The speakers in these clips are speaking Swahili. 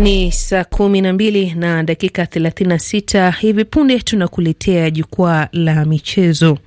Ni saa kumi na mbili na dakika sita Hivi punde tunakuletea jukwaa la michezo.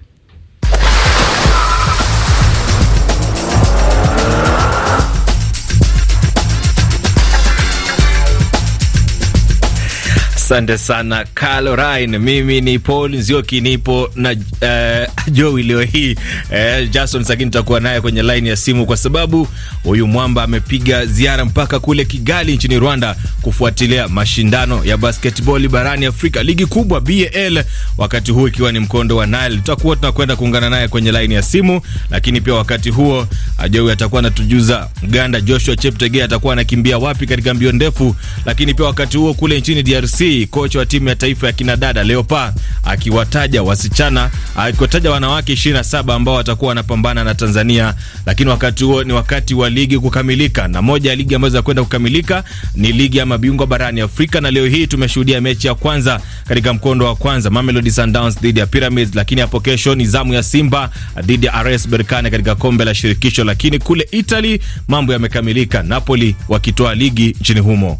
Asante sana Caroline. Mimi ni Paul Nzioki, nipo na uh, Joey leo hii uh, Jason Sagini tutakuwa naye kwenye laini ya simu, kwa sababu huyu mwamba amepiga ziara mpaka kule Kigali nchini Rwanda kufuatilia mashindano ya basketball barani Afrika, ligi kubwa BAL, wakati huu ikiwa ni mkondo wa Nile. Tutakuwa tunakwenda kuungana naye kwenye laini ya simu, lakini pia wakati huo ah, Joey atakuwa anatujuza Mganda Joshua Cheptegei atakuwa anakimbia wapi katika mbio ndefu, lakini pia wakati huo kule nchini DRC Lee, kocha wa timu ya taifa ya kinadada Leopa akiwataja wasichana, akiwataja wanawake 27 ambao watakuwa wanapambana na Tanzania, lakini wakati huo ni wakati wa ligi kukamilika, na moja ya ligi ambazo zinakwenda kukamilika ni ligi ya mabingwa barani Afrika, na leo hii tumeshuhudia mechi ya kwanza katika mkondo wa kwanza, Mamelodi Sundowns dhidi ya Pyramids, lakini hapo kesho ni zamu ya Simba dhidi ya RS Berkane katika kombe la shirikisho. Lakini kule Italy mambo yamekamilika, Napoli wakitoa ligi nchini humo.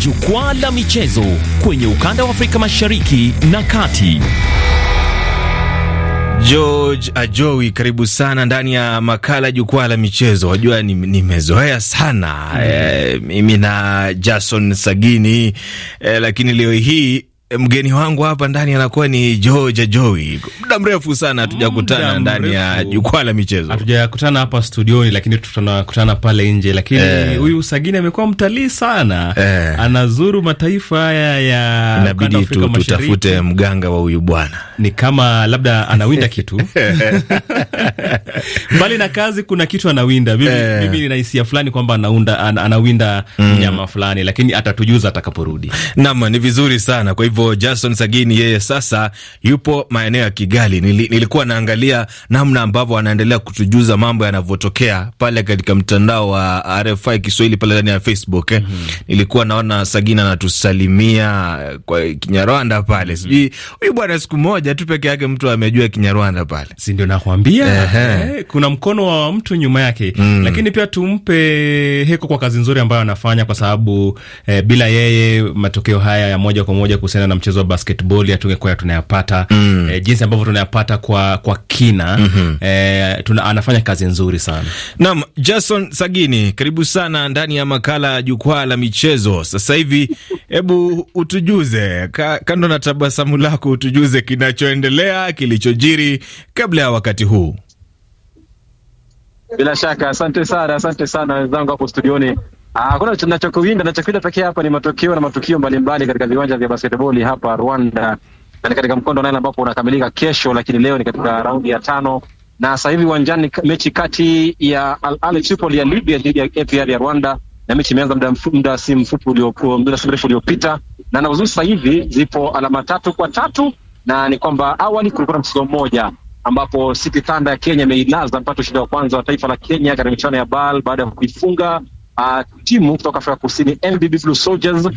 Jukwaa la michezo kwenye ukanda wa Afrika Mashariki na Kati. George Ajowi, karibu sana ndani ya makala jukwaa la michezo. Wajua nimezoea ni sana mm. Eh, mimi mm. e, na Jason Sagini e, lakini leo hii mgeni wangu hapa ndani anakuwa ni Joja Joi. Muda mrefu sana hatujakutana ndani ya jukwaa la michezo, hatujakutana hapa studioni, lakini tutakutana pale nje. Lakini eh. huyu eh, Sagini amekuwa mtalii sana eh, anazuru mataifa haya ya inabidi tu, tutafute mganga wa huyu bwana, ni kama labda anawinda kitu mbali na kazi, kuna kitu anawinda. Mimi eh, mimi nina hisia fulani kwamba anawinda mm. mnyama mm, fulani, lakini atatujuza atakaporudi. Naam, ni vizuri sana kwa hivyo hivyo Jason Sagini yeye sasa yupo maeneo ya Kigali. Nili, nilikuwa naangalia namna ambavyo anaendelea kutujuza mambo yanavyotokea pale katika mtandao wa RFI Kiswahili pale ndani ya Facebook eh. mm -hmm. Nilikuwa naona Sagini anatusalimia kwa Kinyarwanda pale, mm -hmm. sijui huyu bwana, siku moja tu peke yake mtu amejua Kinyarwanda pale, si ndio? Nakwambia eh, kuna mkono wa mtu nyuma yake mm. -hmm. Lakini pia tumpe heko kwa kazi nzuri ambayo anafanya kwa sababu eh, bila yeye matokeo haya ya moja kwa moja kuhusiana na mchezo wa basketball hatungekuwa tunayapata mm. E, jinsi ambavyo tunayapata kwa, kwa kina mm -hmm. E, tuna, anafanya kazi nzuri sana naam. Jason Sagini, karibu sana ndani ya makala ya jukwaa la michezo. Sasa hivi hebu utujuze ka, kando na tabasamu lako utujuze kinachoendelea kilichojiri kabla ya wakati huu. Bila shaka, asante sana, asante sana wenzangu hapo studioni. Ah, hakuna tunachokuwinda, nachowinda pekee hapa ni matokeo na matukio mbalimbali katika viwanja vya basketball hapa Rwanda, na ni katika mkondo nane ambapo unakamilika kesho, lakini leo ni katika raundi ya tano na sasa hivi uwanjani mechi kati ya Al Ahly Tripoli ya Libya dhidi ya APR ya Rwanda, na mechi imeanza muda muda si mfupi uliokuwa muda si mrefu uliopita, na na uzuri sasa hivi zipo alama tatu kwa tatu, na ni kwamba awali kulikuwa na mchezo mmoja ambapo City Thunder ya Kenya imeilaza mpato ushindi wa kwanza wa taifa la Kenya katika michuano ya BAL baada ya kuifunga uh, timu kutoka Afrika Kusini MBB Blue Soldiers uh,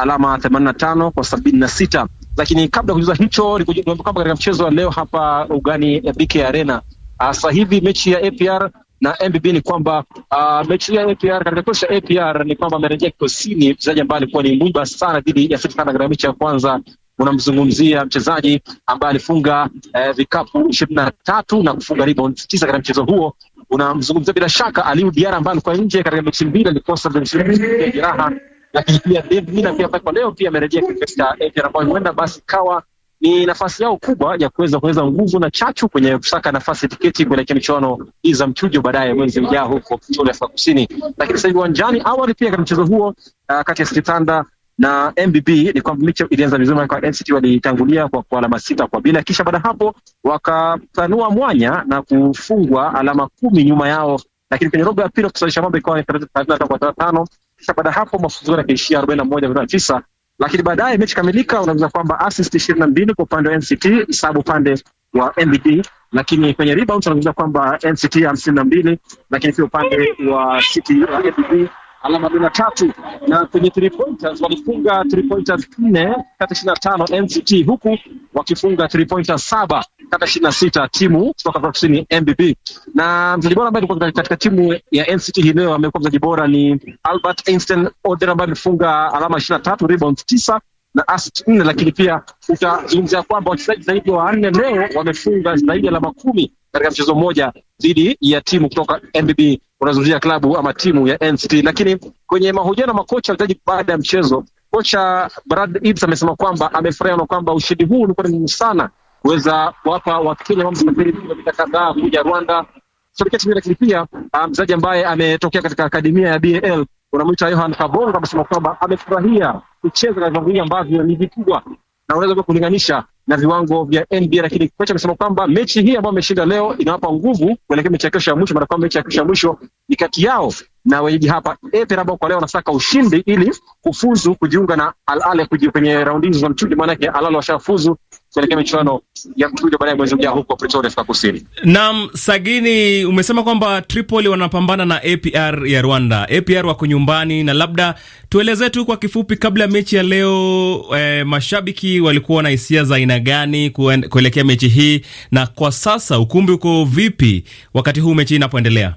alama 85 kwa sabini na sita lakini kabla ya kujuza hicho kwamba katika mchezo wa leo hapa ugani ya BK Arena ah, sasa hivi mechi ya APR na MBB ni kwamba uh, mechi ya APR katika kikosi cha APR ni kwamba amerejea kikosini mchezaji ambaye alikuwa ni mwiba sana dhidi ya Sitana katika mechi ya kwanza unamzungumzia mchezaji ambaye alifunga eh, vikapu ishirini na tatu na kufunga rebound tisa katika mchezo huo, unamzungumzia bila shaka Aliu Diara ambaye alikuwa nje katika mechi mbili, alikosa mechi ya jeraha, lakini pia David Devina pia kwa leo pia amerejea katika Etihad, ambayo huenda basi kawa ni nafasi yao kubwa ya kuweza kuweza nguvu na chachu kwenye kusaka nafasi tiketi kuelekea michuano hii za mchujo baadaye mwezi ujao huko Afrika Kusini. Lakini sasa hivi uwanjani, awali pia katika mchezo huo uh, kati ya Sitanda na MBB ni kwamba mechi ilianza vizuri kwa NCT walitangulia kwa, kwa alama sita kwa bila, kisha baada hapo wakapanua mwanya na kufungwa alama kumi nyuma yao, lakini kwenye robo ya pili kusalisha mambo ikawa ni thelathini na tano kwa tano, kisha baada hapo mafunzo yakaishia arobaini na moja kwa tisa, lakini baadaye mechi kamilika, unaweza kwamba assist ishirini na mbili kwa upande wa NCT sabu upande wa MBB, lakini kwenye rebound tunazungumza kwamba NCT hamsini na mbili, lakini pia upande wa City wa MBB alama kumi tatu na kwenye three pointers walifunga three pointers nne kata ishirini na tano NCT huku wakifunga three pointers saba kata ishirini na sita timu kutoka Afrika Kusini MBB. Na mchezaji bora ambaye alikuwa katika timu ya NCT hii leo amekuwa mchezaji bora ni Albert Einstein Oder ambaye amefunga alama ishirini na tatu rebounds tisa na assist nne, lakini pia utazungumzia kwamba wachezaji zaidi wa wanne leo wamefunga zaidi ya alama kumi katika mchezo mmoja dhidi ya timu kutoka MBB unazungumzia klabu ama timu ya NCT. Lakini kwenye mahojiano makocha alitaji baada ya mchezo, kocha Brad Ibs amesema kwamba amefurahia na kwamba ushindi huu ulikuwa ni muhimu sana kuweza kuwapa Wakenya ambao wamesafiri kilomita kadhaa kuja Rwanda. So, lakini pia ah, mchezaji ambaye ametokea katika akademia ya BAL unamwita Yohan Kabongo amesema kwamba amefurahia kucheza na viwango ambavyo ni vikubwa na unaweza kulinganisha na viwango vya NBA, lakini kocha amesema kwamba mechi hii ambayo ameshinda leo inawapa nguvu kuelekea mechi ya kesho ya mwisho, maana kwamba mechi ya kesho ya mwisho ni kati yao na wenyeji hapa Ether, ambao kwa leo wanasaka ushindi ili kufuzu kujiunga na Al Ahly kwenye raundi hizo za mchujo, maana yake Al Ahly washafuzu kuelekea michuano ya mchujo baadaye mwezi ujao huko Pretoria, Afrika Kusini. Naam, Sagini, umesema kwamba Tripoli wanapambana na APR ya Rwanda. APR wako nyumbani, na labda tueleze tu kwa kifupi, kabla ya mechi ya leo eh, mashabiki walikuwa na hisia za aina gani kuelekea mechi hii, na kwa sasa ukumbi uko vipi wakati huu mechi inapoendelea?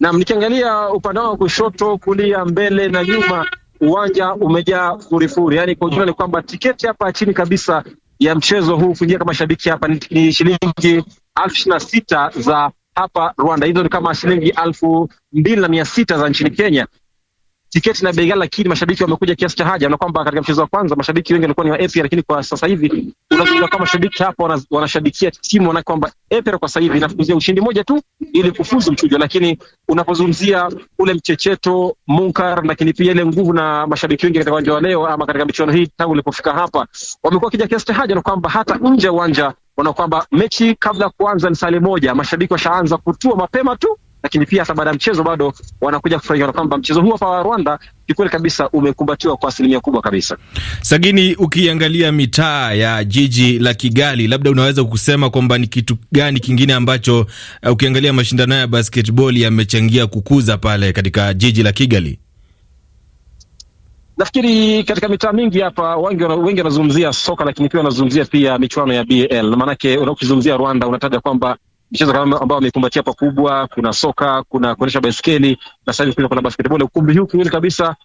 Naam, nikiangalia upande wa kushoto, kulia, mbele na nyuma uwanja umejaa furifuri. Yani kwa ujumla ni kwamba tiketi hapa chini kabisa ya mchezo huu kuingia kama shabiki hapa ni shilingi elfu ishirini na sita za hapa Rwanda. Hizo ni kama shilingi elfu mbili na mia sita za nchini Kenya, tiketi na bei ghali, lakini mashabiki wamekuja kiasi cha haja, na kwamba katika mchezo wa kwanza mashabiki wengi walikuwa ni wa APR, lakini kwa sasa hivi unazungumza kama mashabiki hapa wanashabikia timu wana kwamba APR kwa sasa hivi inafuzia ushindi moja tu ili kufuzu mchujo, lakini unapozungumzia ule mchecheto munkar, lakini pia ile nguvu na mashabiki wengi katika uwanja wa leo ama katika michuano hii tangu ilipofika hapa wamekuwa kija kiasi cha haja, na kwamba hata nje ya uwanja wana kwamba mechi kabla ya kuanza ni sale moja, mashabiki washaanza kutua mapema tu lakini pia hata baada ya mchezo bado wanakuja kufurahia kwamba mchezo huu hapa wa Rwanda kikweli kabisa umekumbatiwa kwa asilimia kubwa kabisa. Sagini, ukiangalia mitaa ya jiji la Kigali, labda unaweza kusema kwamba ni kitu gani kingine ambacho uh, ukiangalia mashindano ya basketball yamechangia kukuza pale katika jiji la Kigali? Nafikiri katika mitaa mingi hapa wengi wanazungumzia soka, lakini pia wanazungumzia pia michuano ya BL, maanake ukizungumzia Rwanda unataja kwamba michezo ambayo amekumbatia pakubwa. Kuna soka, kuna kuendesha baiskeli na sasa hivi kuna basketball. Ukumbi huu kweli kabisa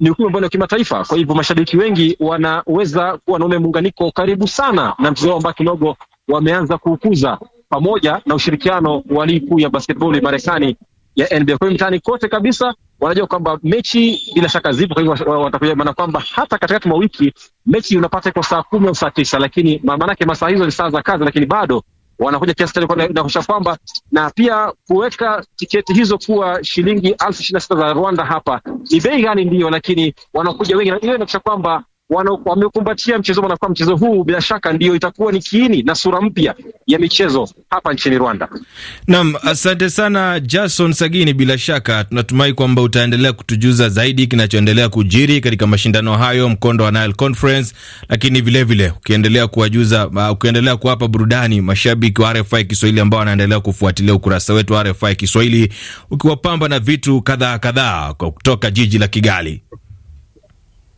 ni ukumbi ambao ni wa kimataifa, kwa hivyo mashabiki wengi wanaweza kuwa naome muunganiko karibu sana na mchezo ambao kidogo wameanza kuukuza, pamoja na ushirikiano wa ligi ya basketball ya Marekani ya NBA. Kwa hiyo mtaani kote kabisa wanajua kwamba mechi bila shaka zipo, kwa hivyo watakuja, maana kwamba hata katikati mwa wiki mechi unapata kwa saa kumi au saa tisa, lakini maanake masaa hizo ni saa za kazi, lakini bado wanakuja kiasi kwa kuhakikisha kwamba na pia kuweka tiketi hizo kuwa shilingi elfu ishirini na sita za Rwanda hapa. Ni bei gani? ndio lakini wanakuja wengi, ile inaonyesha kwamba wamekumbatia mchezo wanakuwa mchezo huu bila shaka ndio itakuwa ni kiini na sura mpya ya michezo hapa nchini Rwanda. Naam, asante sana Jason Sagini, bila shaka tunatumai kwamba utaendelea kutujuza zaidi kinachoendelea kujiri katika mashindano hayo mkondo wa Nile Conference, lakini vile vile ukiendelea kuwajuza uh, ukiendelea kuwapa burudani mashabiki wa RFI Kiswahili ambao wanaendelea kufuatilia ukurasa wetu wa RFI Kiswahili, ukiwapamba na vitu kadhaa kadhaa kutoka jiji la Kigali.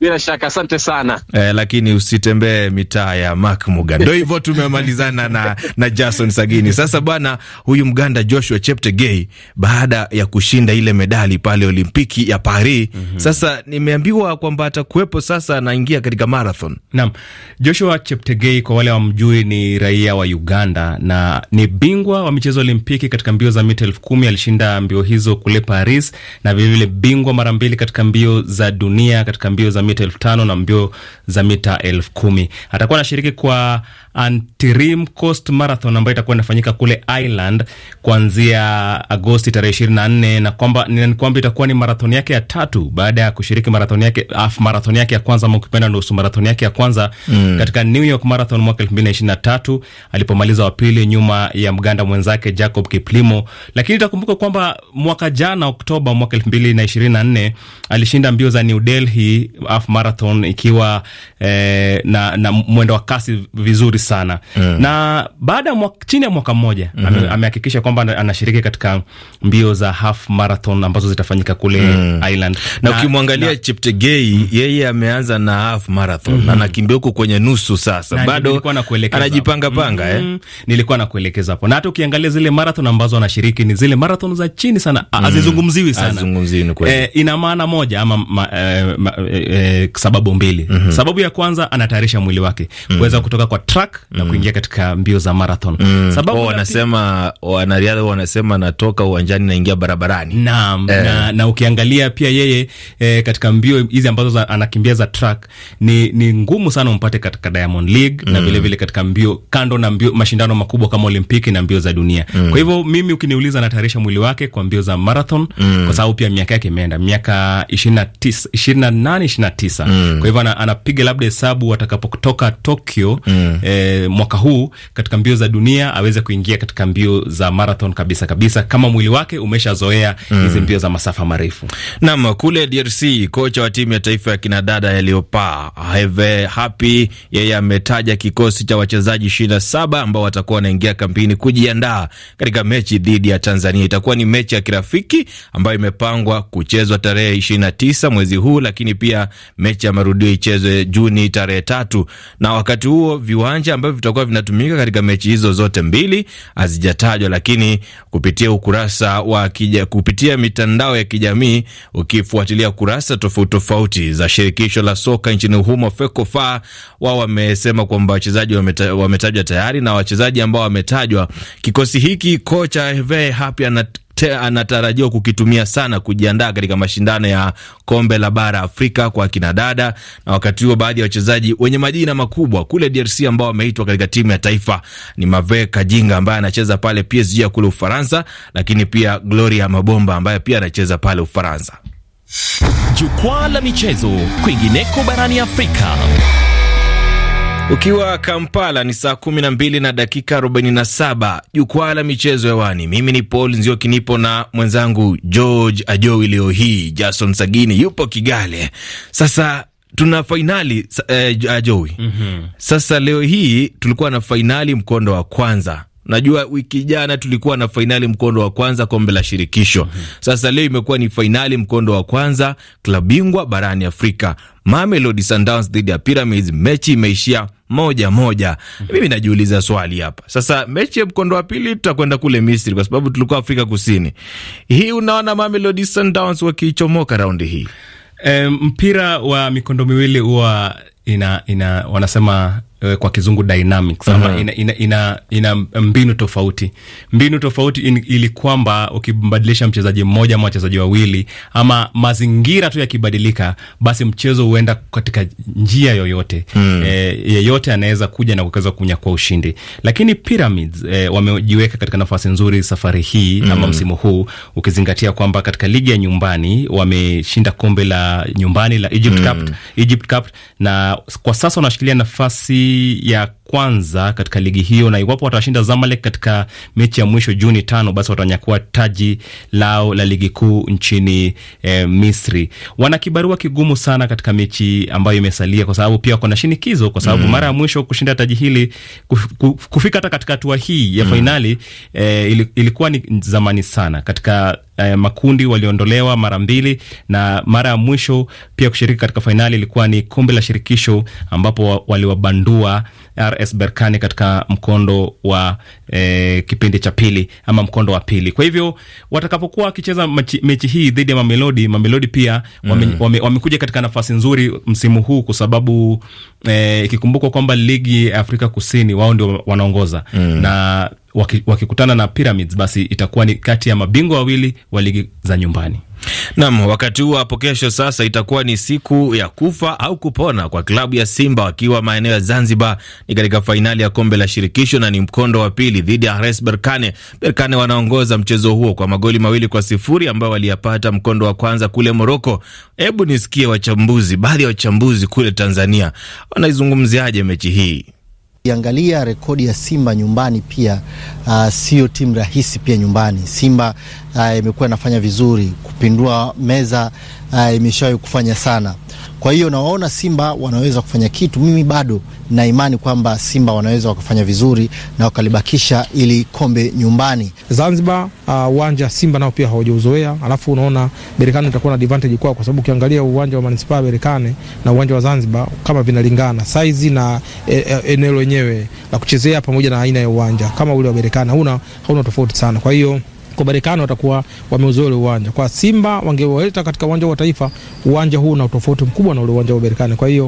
Bila shaka asante sana eh, lakini usitembee mitaa ya Mark Muga. Ndio hivyo tumemalizana na, na Jason Sagini. Sasa bwana, huyu Mganda Joshua Cheptegei baada ya kushinda ile medali pale Olimpiki ya Paris mm -hmm. Sasa nimeambiwa kwamba atakuwepo sasa, anaingia katika marathon. Naam, Joshua Cheptegei kwa wale wamjui, ni raia wa Uganda na ni bingwa wa michezo Olimpiki katika mbio za mita elfu kumi. Alishinda mbio hizo kule Paris na vilevile bingwa mara mbili katika mbio za dunia katika mbio za mita elfu tano na mbio za mita elfu kumi. Atakuwa anashiriki kwa Antrim Coast Marathon ambayo itakuwa inafanyika kule Ireland kuanzia Agosti tarehe ishirini na nne na kwamba ni kwamba itakuwa ni marathoni yake ya tatu baada ya kushiriki marathoni yake af marathoni yake ya kwanza ama ukipenda nusu marathoni yake ya kwanza mm, katika New York Marathon mwaka elfu mbili na ishirini na tatu alipomaliza wa pili nyuma ya mganda mwenzake Jacob Kiplimo. Lakini itakumbuka kwamba mwaka jana Oktoba mwaka elfu mbili na ishirini na nne alishinda mbio za New Delhi half marathon ikiwa eh, na, na mwendo wa kasi vizuri sana mm. na baada ya chini ya mwaka mmoja mm -hmm. amehakikisha kwamba anashiriki katika mbio za half marathon ambazo zitafanyika kule mm. Ireland na, ukimwangalia na... Cheptegei mm. yeye ameanza na half marathon mm -hmm. na anakimbia huko kwenye nusu sasa na, bado anajipanga panga mm -hmm. eh. nilikuwa nakuelekeza hapo na hata ukiangalia zile marathon ambazo anashiriki ni zile marathon za chini sana mm. azizungumziwi sana hazizungumziwi eh, ina maana moja ama ma, eh, ma, eh, eh sababu mbili mm -hmm. sababu ya kwanza anatayarisha mwili wake mm. kuweza kutoka kwa track mm. na kuingia katika mbio za marathon mm. sababu wanasema wanariadha wanasema natoka uwanjani naingia barabarani na, eh. na, na ukiangalia pia yeye eh, katika mbio hizi ambazo za, anakimbia za track ni, ni ngumu sana umpate katika Diamond League mm. na vile vile katika mbio kando na mbio mashindano makubwa kama Olimpiki na mbio za dunia mm. kwa hivyo mimi ukiniuliza anatayarisha mwili wake kwa mbio za marathon mm. kwa sababu pia miaka yake imeenda miaka 29 na tisa ishirini mm. kwa hivyo anapiga labda labda hesabu watakapotoka Tokyo mm. eh, mwaka huu katika mbio za dunia aweze kuingia katika mbio za marathon kabisa kabisa, kama mwili wake umeshazoea mm. hizi mm. mbio za masafa marefu. Naam, kule DRC kocha wa timu ya taifa ya kinadada yaliyopaa Heve Happy yeye ametaja kikosi cha wachezaji 27 ambao watakuwa wanaingia kampini kujiandaa katika mechi dhidi ya Tanzania. Itakuwa ni mechi ya kirafiki ambayo imepangwa kuchezwa tarehe 29 mwezi huu, lakini pia mechi ya marudio ichezwe Juni Juni tarehe tatu, na wakati huo viwanja ambavyo vitakuwa vinatumika katika mechi hizo zote mbili hazijatajwa, lakini kupitia ukurasa wa kija, kupitia mitandao ya kijamii ukifuatilia kurasa tofauti tofauti za shirikisho la soka nchini humo FECOFA, wao wamesema kwamba wachezaji wametajwa tayari na wachezaji ambao wametajwa kikosi hiki kocha Herve ana anatarajiwa kukitumia sana kujiandaa katika mashindano ya kombe la bara Afrika kwa kinadada, na wakati huo baadhi ya wachezaji wenye majina makubwa kule DRC ambao wameitwa katika timu ya taifa ni Mave Kajinga ambaye anacheza pale PSG ya kule Ufaransa, lakini pia Gloria Mabomba ambaye pia anacheza pale Ufaransa. Jukwaa la michezo kwingineko barani Afrika. Ukiwa Kampala ni saa kumi na dakika 47. Jukwaa la michezo hewani. Mimi ni Paul Nzioki, nipo na mwenzangu George Ajowi. Leo hii Jason Sagini yupo Kigali. Sasa tuna fainali eh, Ajowi. mm -hmm. Sasa leo hii tulikuwa na fainali mkondo wa kwanza Najua wiki jana tulikuwa na fainali mkondo wa kwanza kombe la shirikisho. Mm -hmm. Sasa leo imekuwa ni fainali mkondo wa kwanza klabu bingwa barani Afrika. Mamelodi Sundowns dhidi ya Pyramids, mechi imeishia moja moja. Mm -hmm. Mimi najiuliza swali hapa sasa, mechi ya mkondo wa pili tutakwenda kule Misri kwa sababu tulikuwa Afrika Kusini. Hii unaona Mamelodi Sundowns wakiichomoka raundi hii. E, mpira wa mikondo miwili huwa ina, ina wanasema Eh, kwa kizungu dynamics ama uh -huh. Ina, ina, ina, ina mbinu tofauti mbinu tofauti in, ili kwamba ukibadilisha mchezaji mmoja ama wachezaji wawili ama mazingira tu yakibadilika, basi mchezo huenda katika njia yoyote mm. E, yeyote anaweza kuja na kuweza kunyakua ushindi, lakini Pyramids e, wamejiweka katika nafasi nzuri safari hii mm. ama hmm. msimu huu ukizingatia kwamba katika ligi ya nyumbani wameshinda kombe la nyumbani la Egypt mm. Cup, Egypt Cup na kwa sasa wanashikilia nafasi ya kwanza katika ligi hiyo, na iwapo watawashinda Zamalek katika mechi ya mwisho Juni tano, basi watanyakua taji lao la ligi kuu nchini eh, Misri. Wana kibarua kigumu sana katika mechi ambayo imesalia, kwa sababu pia wako na shinikizo, kwa sababu mm. mara ya mwisho kushinda taji hili kuf, kuf, kufika hata katika hatua hii ya mm. fainali eh, ilikuwa ni zamani sana katika eh, makundi waliondolewa mara mbili, na mara ya mwisho pia kushiriki katika fainali ilikuwa ni kombe la shirikisho ambapo waliwabandua kuwa RS Berkane katika mkondo wa e, kipindi cha pili ama mkondo wa pili. Kwa hivyo watakapokuwa wakicheza mechi hii dhidi ya Mamelodi, Mamelodi pia wamekuja mm. wame, wame katika nafasi nzuri msimu huu kwa sababu eh, ikikumbukwa e, kwamba ligi ya Afrika Kusini wao ndio wanaongoza mm. na wakikutana waki na Pyramids basi itakuwa ni kati ya mabingwa wawili wa ligi za nyumbani. Nam, wakati huo hapo kesho sasa itakuwa ni siku ya kufa au kupona kwa klabu ya Simba wakiwa maeneo ya Zanzibar, ni katika fainali ya kombe la shirikisho na ni mkondo wa pili dhidi ya Res Berkane. Berkane wanaongoza mchezo huo kwa magoli mawili kwa sifuri ambayo waliyapata mkondo wa kwanza kule Moroko. Hebu nisikie wachambuzi, baadhi ya wachambuzi kule Tanzania wanaizungumziaje mechi hii? Ukiangalia rekodi ya Simba nyumbani pia uh, sio timu rahisi pia nyumbani. Simba Ah, imekuwa inafanya vizuri kupindua meza uh, imeshawahi kufanya sana. Kwa hiyo nawaona Simba wanaweza kufanya kitu. Mimi bado na imani kwamba Simba wanaweza wakafanya vizuri na wakalibakisha ili kombe nyumbani Zanzibar. Ah, uwanja uh, Simba nao pia hawajauzoea, alafu unaona Berekani itakuwa na advantage kwao, kwa sababu ukiangalia uwanja wa manispaa berekane na uwanja wa Zanzibar kama vinalingana saizi na e, e, eneo lenyewe la kuchezea pamoja na aina ya uwanja. Kama ule wa Berekani hauna tofauti sana, kwa hiyo kwa Marekani watakuwa wameuzoea ule uwanja. Kwa Simba wangewaleta katika uwanja wa Taifa, uwanja huu una utofauti mkubwa na ule uwanja wa Marekani. Kwa hiyo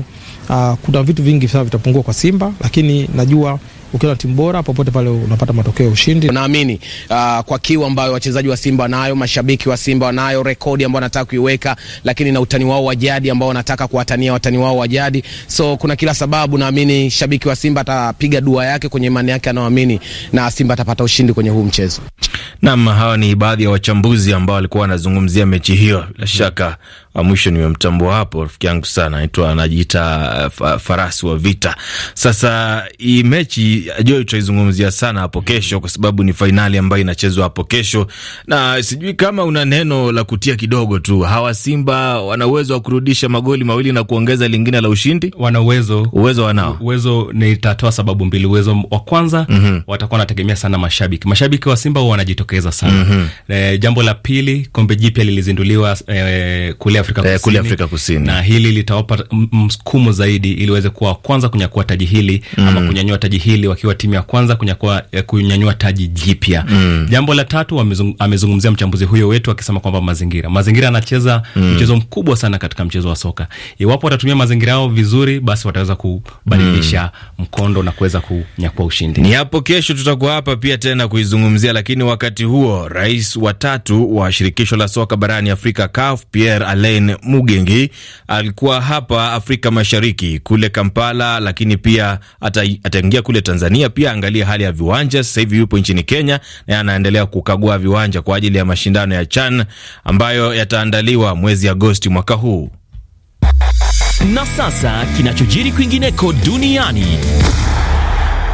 uh, kuna vitu vingi sana vitapungua kwa Simba, lakini najua ukiwa na timu bora popote pale unapata matokeo ya ushindi. Naamini uh, kwa kiu ambayo wachezaji wa Simba wanayo, mashabiki wa Simba wanayo, rekodi ambayo wanataka kuiweka, lakini na utani wao wa jadi ambao wanataka kuwatania watani wao wa jadi, so kuna kila sababu, naamini shabiki wa Simba atapiga dua yake kwenye imani yake anaoamini, na Simba atapata ushindi kwenye huu mchezo. Naam, hawa ni baadhi ya wachambuzi ambao walikuwa wanazungumzia mechi hiyo, bila shaka mwisho nimemtambua hapo, rafiki yangu sana, anaitwa anajiita eh, farasi wa vita. Sasa hii mechi Joy itaizungumzia sana hapo kesho, kwa sababu ni fainali ambayo inachezwa hapo kesho, na sijui kama una neno la kutia kidogo tu. Hawa Simba wana uwezo wa kurudisha magoli mawili na kuongeza lingine la ushindi. Wana uwezo, uwezo wanao uwezo. Nitatoa sababu mbili. Uwezo wa kwanza mm -hmm. watakuwa wanategemea sana mashabiki. Mashabiki wa Simba wanajitokeza sana mm -hmm. E, jambo la pili, kombe jipya lilizinduliwa e, kule Afrika eh, Kusini, kule Afrika Kusini, na hili litawapa msukumo zaidi ili waweze kuwa kwanza kunyakua taji hili mm. ama kunyanyua taji hili wakiwa timu ya kwanza kunyakua, eh, kunyanyua taji jipya mm. Jambo la tatu amezung, amezungumzia mchambuzi huyo wetu akisema kwamba mazingira mazingira anacheza mm. mchezo mkubwa sana katika mchezo wa soka. Iwapo watatumia mazingira yao vizuri, basi wataweza kubadilisha mm. mkondo na kuweza kunyakua ushindi. Ni hapo kesho tutakuwa hapa pia tena kuizungumzia, lakini wakati huo rais wa tatu wa shirikisho la soka barani Afrika CAF Pierre Ale Hussein Mugengi alikuwa hapa Afrika Mashariki kule Kampala, lakini pia ataingia kule Tanzania pia angalia hali ya viwanja. Sasa hivi yupo nchini Kenya na anaendelea kukagua viwanja kwa ajili ya mashindano ya CHAN ambayo yataandaliwa mwezi Agosti mwaka huu. Na sasa kinachojiri kwingineko duniani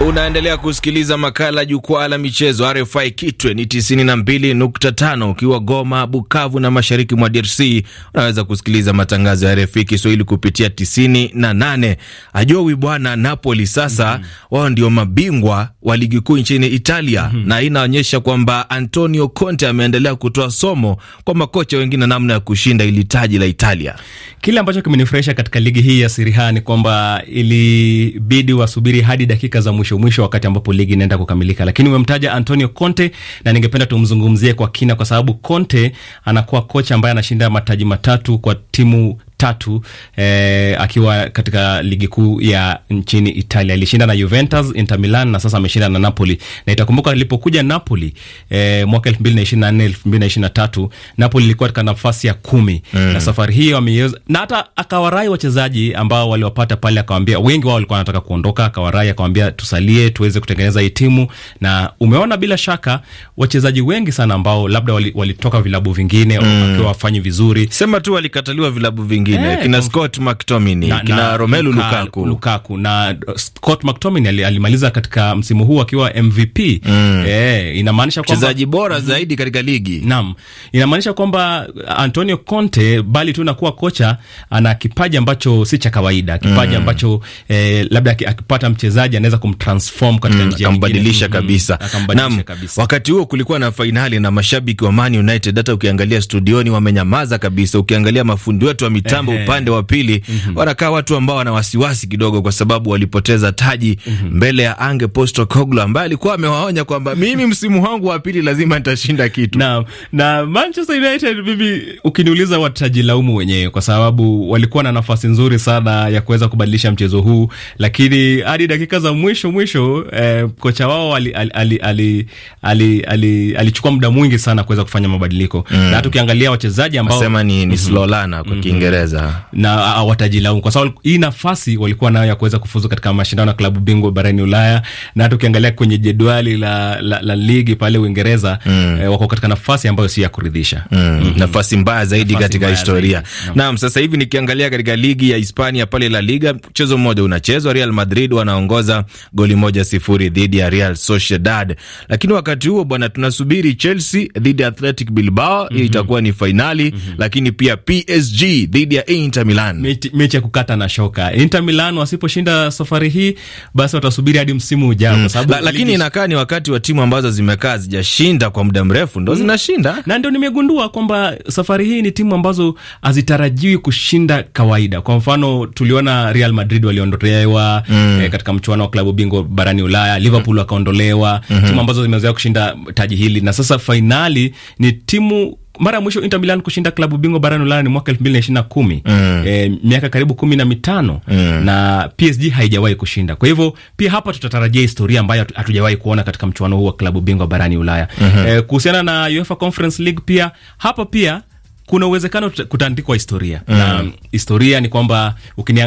Unaendelea kusikiliza makala jukwaa la michezo RFI Kitwe ni 92.5 ukiwa Goma, Bukavu na mashariki mwa DRC. Unaweza kusikiliza matangazo ya RFI Kiswahili kupitia 98. Ajowi bwana, Napoli sasa mm -hmm. wao ndio mabingwa wa ligi kuu nchini Italia mm -hmm. na inaonyesha kwamba Antonio Conte ameendelea kutoa somo kwa makocha wengine namna ya kushinda ili taji la Italia. Kile ambacho kimenifurahisha katika ligi hii ya Serie A ni kwamba ilibidi wasubiri hadi dakika za mwisho mwisho mwisho, wakati ambapo ligi inaenda kukamilika. Lakini umemtaja Antonio Conte na ningependa tumzungumzie kwa kina, kwa sababu Conte anakuwa kocha ambaye anashinda mataji matatu kwa timu tatu eh, akiwa katika ligi kuu ya nchini Italia. Alishinda na Juventus, Inter Milan na sasa ameshinda na Napoli. Na itakumbuka alipokuja Napoli eh, mwaka elfu elfu mbili mbili na na na nne na tatu Napoli ilikuwa katika nafasi ya kumi mm. na safari hii wameiweza, na hata akawarai wachezaji ambao waliwapata pale, akawambia wengi wao walikuwa wanataka kuondoka, akawarai akawambia, tusalie tuweze kutengeneza hii timu, na umeona bila shaka wachezaji wengi sana ambao labda walitoka wali vilabu vingine mm. wakiwa wafanyi vizuri, sema tu walikataliwa vilabu vingi wengine eh, kina Scott McTominay kina Romelu Lukaku, Lukaku na uh, Scott McTominay alimaliza katika msimu huu akiwa MVP mm. Eh, inamaanisha kwamba mchezaji bora zaidi katika ligi. Naam, inamaanisha kwamba uh, Antonio Conte bali tu nakuwa kocha, ana kipaji ambacho si cha kawaida, mm. kipaji mm. ambacho eh, labda akipata mchezaji anaweza kumtransform katika mm, njia akambadilisha mm, kabisa. Naam, wakati huo kulikuwa na fainali na mashabiki wa Man United, hata ukiangalia studioni wamenyamaza kabisa, ukiangalia mafundi wetu wa mitaa Zambia eh. upande wa pili mm -hmm. wanakaa watu ambao wana wasiwasi kidogo, kwa sababu walipoteza taji mm -hmm. mbele ya Ange Postecoglou ambaye alikuwa amewaonya kwamba mimi msimu wangu wa pili lazima nitashinda kitu na, na Manchester United mimi ukiniuliza, watajilaumu wenyewe kwa sababu walikuwa na nafasi nzuri sana ya kuweza kubadilisha mchezo huu, lakini hadi dakika za mwisho mwisho eh, kocha wao alichukua ali, ali, ali, ali, ali, ali muda mwingi sana kuweza kufanya mabadiliko mm. na hata ukiangalia wachezaji ambao wasema ni, ni mm -hmm. slolana kwa mhm. Kiingereza Uingereza na watajilaumu kwa sababu hii nafasi walikuwa nayo ya kuweza kufuzu katika mashindano ya klabu bingwa barani Ulaya, na hata ukiangalia kwenye jedwali la, la, la ligi pale Uingereza mm. eh, wako katika nafasi ambayo si ya kuridhisha mm. mm -hmm. nafasi mbaya zaidi nafasi katika historia. Naam, sasa hivi nikiangalia katika ligi ya Hispania pale La Liga, mchezo mmoja unachezwa, Real Madrid wanaongoza goli moja sifuri dhidi ya Real Sociedad, lakini wakati huo bwana, tunasubiri Chelsea dhidi ya Athletic Bilbao. mm -hmm. Itakuwa ni fainali mm -hmm. lakini pia PSG dhidi ya Inter Milan, mechi, mechi ya kukata na shoka. Inter Milan wasiposhinda safari hii, basi watasubiri hadi msimu ujao mm. sababu la, lakini inakaa ni wakati wa timu ambazo zimekaa zijashinda kwa muda mrefu ndo mm. zinashinda, na ndio nimegundua kwamba safari hii ni timu ambazo hazitarajiwi kushinda kawaida. Kwa mfano tuliona Real Madrid waliondolewa mm. eh, katika mchuano wa klabu bingwa barani Ulaya, Liverpool mm. wakaondolewa mm -hmm. timu ambazo zimezoea kushinda taji hili, na sasa fainali ni timu mara ya mwisho Inter Milan kushinda klabu bingwa barani Ulaya ni mwaka elfu mbili na ishirini na kumi mm. E, miaka karibu kumi na mitano mm. na PSG haijawahi kushinda. Kwa hivyo pia hapa tutatarajia historia ambayo hatujawahi kuona katika mchuano huu wa klabu bingwa barani Ulaya. mm -hmm. E, kuhusiana na UEFA Conference League pia hapa pia kuna uwezekano kutaandikwa historia mm. Na um, historia ni kwamba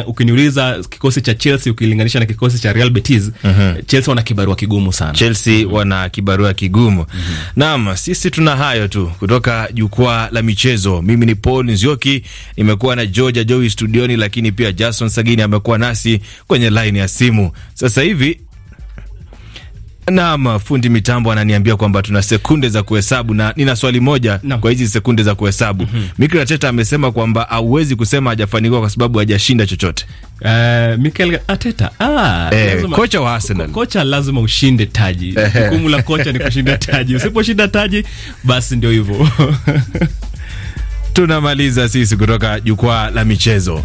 ukiniuliza kikosi cha Chelsea ukilinganisha na kikosi cha Real Betis mm -hmm. Chelsea wana kibarua kigumu sana. Chelsea mm-hmm. wana kibarua kigumu mm -hmm. Naam, sisi tuna hayo tu kutoka jukwaa la michezo. Mimi ni Paul Nzioki, nimekuwa na Georgia Joey studioni, lakini pia Jason Sagini amekuwa nasi kwenye laini ya simu sasa hivi. Naam, fundi mitambo ananiambia kwamba tuna sekunde za kuhesabu na nina swali moja no. Kwa hizi sekunde za kuhesabu mm -hmm. Mikel Arteta amesema kwamba hauwezi kusema hajafanikiwa kwa sababu hajashinda chochote. Uh, Mikel Arteta ah, eh, lazima, kocha wa Arsenal. Kocha lazima ushinde taji. Eh. Jukumu la kocha ni kushinda taji. Usiposhinda taji basi ndio hivyo. Tunamaliza sisi kutoka jukwaa la michezo.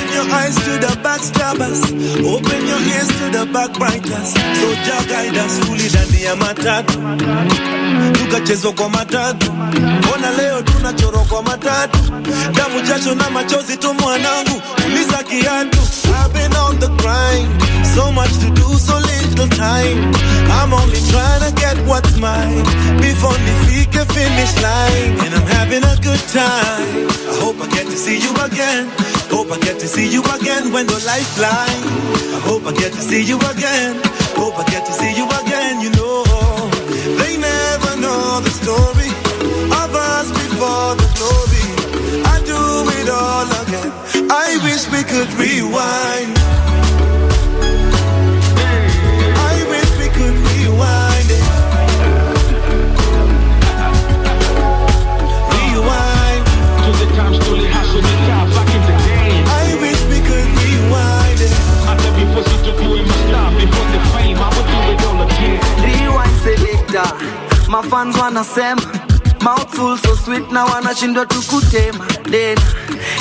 your eyes to the backstabbers. Open your ears to the backbiters. So just guide us fully ndani ya matatu. Tukachezwa kwa matatu. Ona leo tunachorwa kwa matatu. Damu, jasho na machozi tu mwanangu. Uliza kiatu. I've been on the grind. So much to do, so little time. I'm only trying to get what's mine before we seek a finish line. And I'm having a good time. I hope I get to see you again. Hope I get to see you again when the lights line. I hope I get to see you again. Hope I get to see you again. You know, they never know the story of us before the glory. I do it all again. I wish we could rewind. gonna wanasema mouthful so sweet na wanashindwa tukutema dena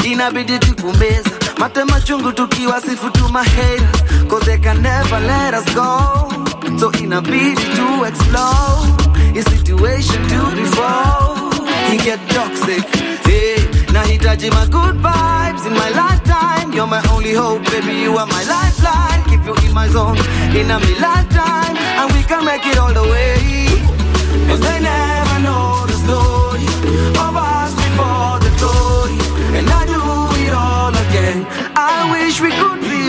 inabidi tukumeza matema chungu tukiwa sifu tumahera cause they can never let us go so inabidi to explore is situation to before he get toxic hey, eh, nahitaji my good vibes in my lifetime you're my only hope baby you are my lifeline keep you in my zone in a me lifetime and we can make it all the way we could be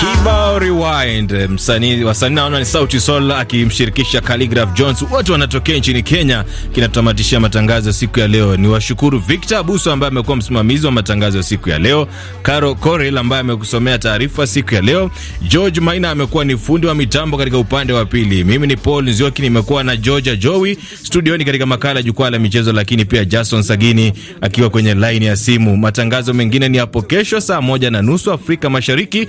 Kibao Rewind, msanii wasanii naona ni Sauti Sol akimshirikisha Khaligraph Jones, wote wanatokea nchini Kenya. Kinatamatishia matangazo ya siku ya leo. Ni washukuru Victor Abuso ambaye amekuwa msimamizi wa matangazo ya siku ya leo, Caro Corel ambaye amekusomea taarifa siku ya leo, George Maina amekuwa ni fundi wa mitambo katika upande wa pili. Mimi ni Paul Nzioki, nimekuwa na Georgia Jowi studioni katika makala Jukwaa la Michezo, lakini pia Jason Sagini akiwa kwenye laini ya simu. Matangazo mengine ni hapo kesho saa moja na nusu Afrika Mashariki